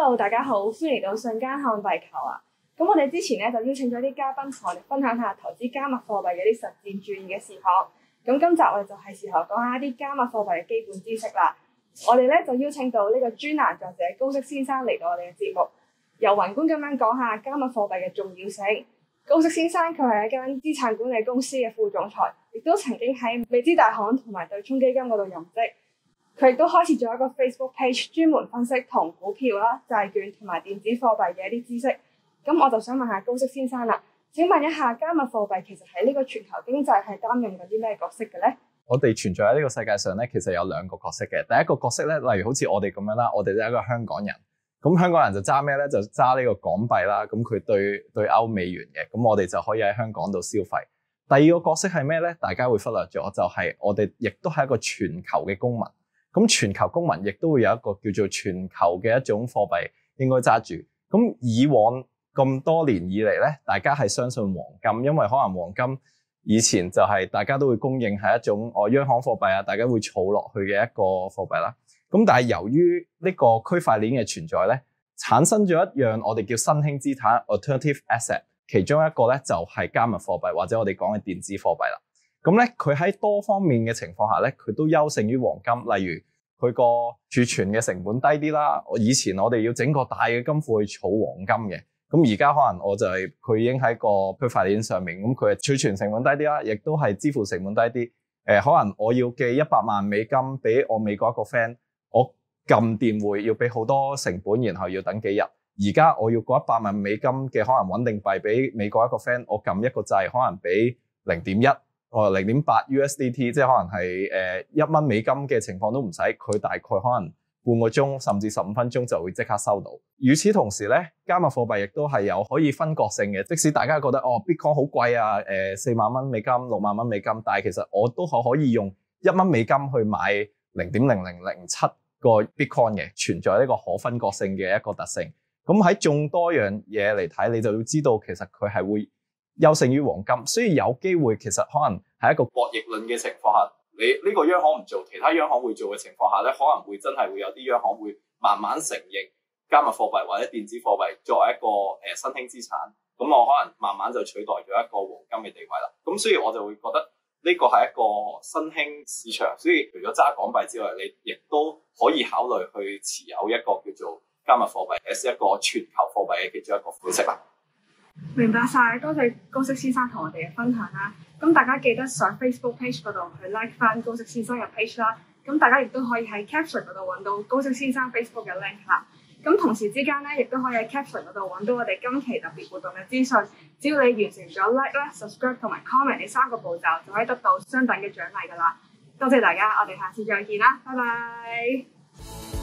hello，大家好，歡迎嚟到瞬間看幣球啊。咁我哋之前咧就邀請咗啲嘉賓同我哋分享下投資加密貨幣嘅啲實戰注意嘅事項。咁今集我哋就係時候講下啲加密貨幣嘅基本知識啦。我哋咧就邀請到呢個專欄作者高色先生嚟到我哋嘅節目，由宏觀咁樣講下加密貨幣嘅重要性。高色先生佢係一間資產管理公司嘅副總裁，亦都曾經喺美資大行同埋對沖基金嗰度任職。so holes ila 佢亦都開始做一個 Facebook page，專門分析同股票啦、債券同埋電子貨幣嘅一啲知識。咁我就想問下高息先生啦。請問一下加密貨幣其實喺呢個全球經濟係擔任緊啲咩角色嘅咧？我哋存在喺呢個世界上咧，其實有兩個角色嘅。第一個角色咧，例如好似我哋咁樣啦，我哋都係一個香港人，咁香港人就揸咩咧？就揸呢個港幣啦。咁佢對對歐美元嘅，咁我哋就可以喺香港度消費。第二個角色係咩咧？大家會忽略咗，就係、是、我哋亦都係一個全球嘅公民。咁全球公民亦都會有一個叫做全球嘅一種貨幣應該揸住。咁以往咁多年以嚟咧，大家係相信黃金，因為可能黃金以前就係大家都會公認係一種哦央行貨幣啊，大家會儲落去嘅一個貨幣啦。咁但係由於呢個區塊鏈嘅存在咧，產生咗一樣我哋叫新興資產 （alternative asset），其中一個咧就係加密貨幣或者我哋講嘅電子貨幣啦。咁咧，佢喺多方面嘅情況下咧，佢都優勝於黃金。例如佢個儲存嘅成本低啲啦。以前我哋要整個大嘅金庫去儲黃金嘅，咁而家可能我就係、是、佢已經喺個區塊鏈上面，咁佢儲存成本低啲啦，亦都係支付成本低啲。誒、呃，可能我要寄一百萬美金俾我美國一個 friend，我撳電匯要俾好多成本，然後要等幾日。而家我要個一百萬美金嘅可能穩定幣俾美國一個 friend，我撳一個掣，可能俾零點一。哦，零點八、oh, USDT，即係可能係誒一蚊美金嘅情況都唔使，佢大概可能半個鐘甚至十五分鐘就會即刻收到。與此同時咧，加密貨幣亦都係有可以分割性嘅，即使大家覺得哦 Bitcoin 好貴啊，誒、呃、四萬蚊美金、六萬蚊美金，但係其實我都可可以用一蚊美金去買零點零零零七個 Bitcoin 嘅，存在一個可分割性嘅一個特性。咁喺眾多樣嘢嚟睇，你就要知道其實佢係會。有勝於黃金，所以有機會其實可能係一個博弈論嘅情況下，你呢個央行唔做，其他央行會做嘅情況下呢可能會真係會有啲央行會慢慢承認加密貨幣或者電子貨幣作為一個誒、呃、新興資產，咁我可能慢慢就取代咗一個黃金嘅地位啦。咁所以我就會覺得呢個係一個新興市場，所以除咗揸港幣之外，你亦都可以考慮去持有一個叫做加密貨幣，或者係一個全球貨幣嘅其中一個款式啦。明白晒，多謝高色先生同我哋嘅分享啦。咁大家記得上 Facebook page 嗰度去 like 返高色先生嘅 page 啦。咁大家亦都可以喺 caption 嗰度揾到高色先生 Facebook 嘅 link 啦。咁同時之間咧，亦都可以喺 caption 嗰度揾到我哋今期特別活動嘅資訊。只要你完成咗 like 咧、subscribe 同埋 comment 呢三個步驟，就可以得到相等嘅獎勵㗎喇。多謝大家，我哋下次再見啦，拜拜。